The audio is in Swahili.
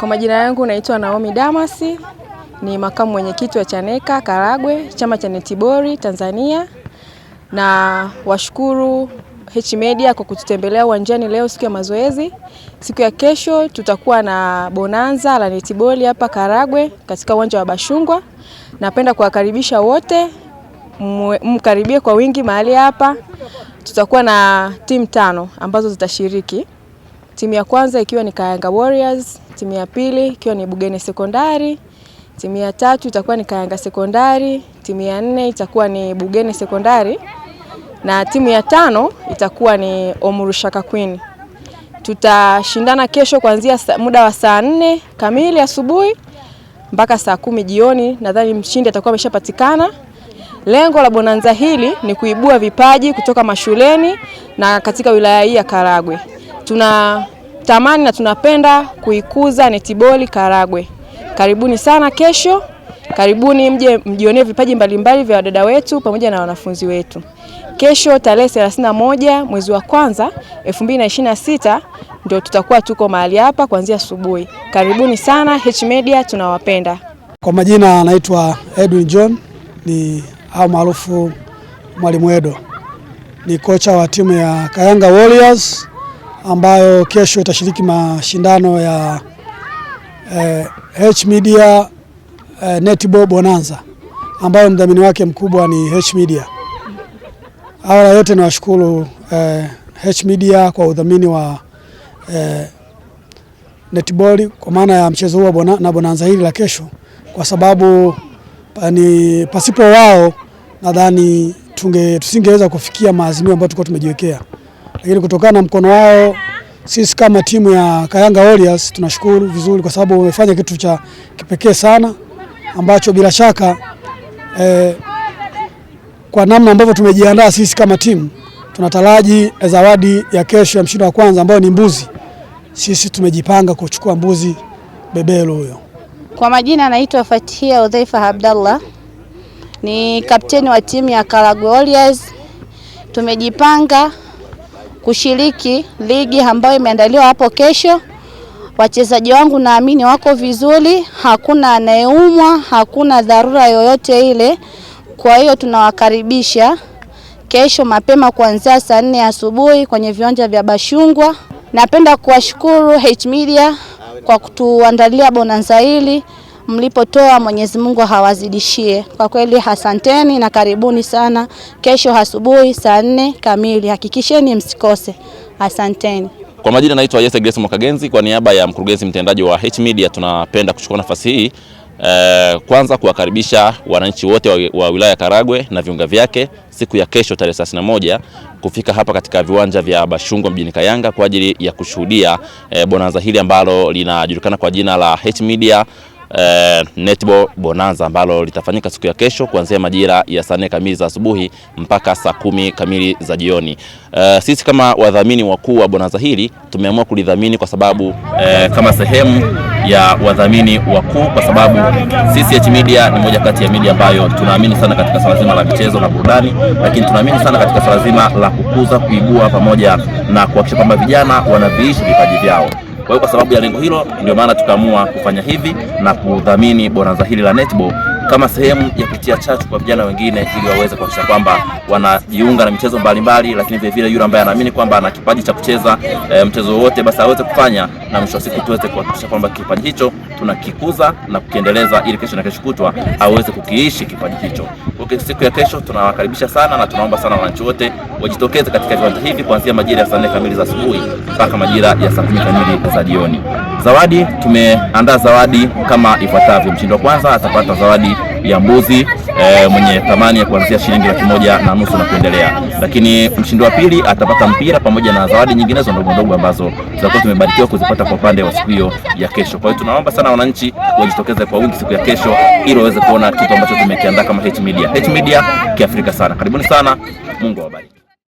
Kwa majina yangu naitwa Naomi Damasi, ni makamu mwenyekiti wa Chaneka Karagwe, chama cha netibori Tanzania, na washukuru H Media kwa kututembelea uwanjani leo siku ya mazoezi. Siku ya kesho tutakuwa na bonanza la netiboli hapa Karagwe katika uwanja wa Bashungwa. Napenda kuwakaribisha wote, mkaribie kwa wingi mahali hapa. Tutakuwa na timu tano ambazo zitashiriki timu ya kwanza ikiwa ni Kayanga Warriors, timu ya pili ikiwa ni Bugene Sekondari, timu ya tatu itakuwa ni Kayanga Sekondari, timu ya nne itakuwa ni Bugene Sekondari na timu ya tano itakuwa ni Omurushaka Queen. Tutashindana kesho kuanzia muda wa saa nne kamili asubuhi mpaka saa kumi jioni. Nadhani mshindi atakuwa ameshapatikana. Lengo la bonanza hili ni kuibua vipaji kutoka mashuleni na katika wilaya hii ya Karagwe. Tunatamani na tunapenda kuikuza netiboli Karagwe. Karibuni sana kesho, karibuni mje mjionee vipaji mbalimbali vya wadada wetu pamoja na wanafunzi wetu. Kesho tarehe 31 mwezi wa kwanza 2026 ndio tutakuwa tuko mahali hapa kuanzia asubuhi. Karibuni sana H Media, tunawapenda. Kwa majina anaitwa Edwin John, ni au maarufu Mwalimu Edo, ni kocha wa timu ya Kayanga Warriors ambayo kesho itashiriki mashindano ya eh, H Media eh, Netball Bonanza ambayo mdhamini wake mkubwa ni H Media. Awala yote nawashukuru eh, H Media kwa udhamini wa eh, netball kwa maana ya mchezo huo bona, na bonanza hili la kesho, kwa sababu ni pasipo wao nadhani tunge tusingeweza kufikia maazimio ambayo tulikuwa tumejiwekea lakini kutokana na mkono wao sisi kama timu ya Kayanga Warriors tunashukuru vizuri, kwa sababu wamefanya kitu cha kipekee sana ambacho bila shaka eh, kwa namna ambavyo tumejiandaa sisi kama timu tunataraji zawadi ya kesho ya mshindi wa kwanza ambayo ni mbuzi. Sisi tumejipanga kuchukua mbuzi bebelo huyo. Kwa majina anaitwa Fatia Udhaifa Abdallah, ni kapteni wa timu ya Karagwe Warriors. Tumejipanga kushiriki ligi ambayo imeandaliwa hapo kesho. Wachezaji wangu naamini wako vizuri, hakuna anayeumwa, hakuna dharura yoyote ile. Kwa hiyo tunawakaribisha kesho mapema kuanzia saa nne asubuhi kwenye viwanja vya Bashungwa. Napenda kuwashukuru H Media kwa kutuandalia bonanza hili mlipotoa Mwenyezi Mungu hawazidishie. Kwa kweli asanteni na karibuni sana. Kesho asubuhi saa nne kamili hakikisheni msikose. Asanteni. Kwa majina naitwa Jesse Grace Mwakagenzi, kwa niaba ya mkurugenzi mtendaji wa H Media tunapenda kuchukua nafasi hii eh, kwanza kuwakaribisha wananchi wote wa, wa wilaya ya Karagwe na viunga vyake siku ya kesho tarehe 31 kufika hapa katika viwanja vya Bashungwa mjini Kayanga kwa ajili ya kushuhudia eh, bonanza hili ambalo linajulikana kwa jina la H Media eh, netball bonanza ambalo litafanyika siku ya kesho kuanzia majira ya saa nne kamili za asubuhi mpaka saa kumi kamili za jioni. Eh, sisi kama wadhamini wakuu wa bonanza hili tumeamua kulidhamini kwa sababu eh, kama sehemu ya wadhamini wakuu kwa sababu CCH Media ni moja kati ya media ambayo tunaamini sana katika swala zima la michezo na burudani, lakini tunaamini sana katika swala zima la kukuza, kuibua pamoja na kuhakikisha kwamba vijana wanaviishi vipaji vyao hiyo kwa sababu ya lengo hilo, ndio maana tukaamua kufanya hivi na kudhamini bonanza hili la netball kama sehemu ya kutia chachu kwa vijana wengine ili waweze kuhakikisha kwamba wanajiunga na michezo mbalimbali, lakini vile vile yule ambaye anaamini kwamba ana kipaji cha kucheza e, mchezo wowote basi aweze kufanya, na mwisho wa siku tuweze kuhakikisha kwamba kipaji hicho tunakikuza na kukiendeleza ili kesho na kesho kutwa aweze kukiishi kipaji hicho. Kwa siku ya kesho tunawakaribisha sana na tunaomba sana wananchi wote wajitokeze katika viwanja hivi kuanzia majira ya saa nne kamili za asubuhi mpaka majira ya saa kumi kamili za jioni. Zawadi tumeandaa zawadi kama ifuatavyo: mshindi wa kwanza atapata zawadi ya mbuzi e, mwenye thamani ya kuanzia shilingi laki moja na nusu na kuendelea. Lakini mshindi wa pili atapata mpira pamoja na zawadi nyinginezo ndogo ndogo ambazo tutakuwa tumebarikiwa kuzipata kwa upande wa siku hiyo ya kesho. Kwa hiyo tunaomba sana wananchi wajitokeze kwa wingi siku ya kesho ili waweze kuona kitu ambacho tumekiandaa kama H Media. H Media kiafrika sana. Karibuni sana. Mungu awabariki.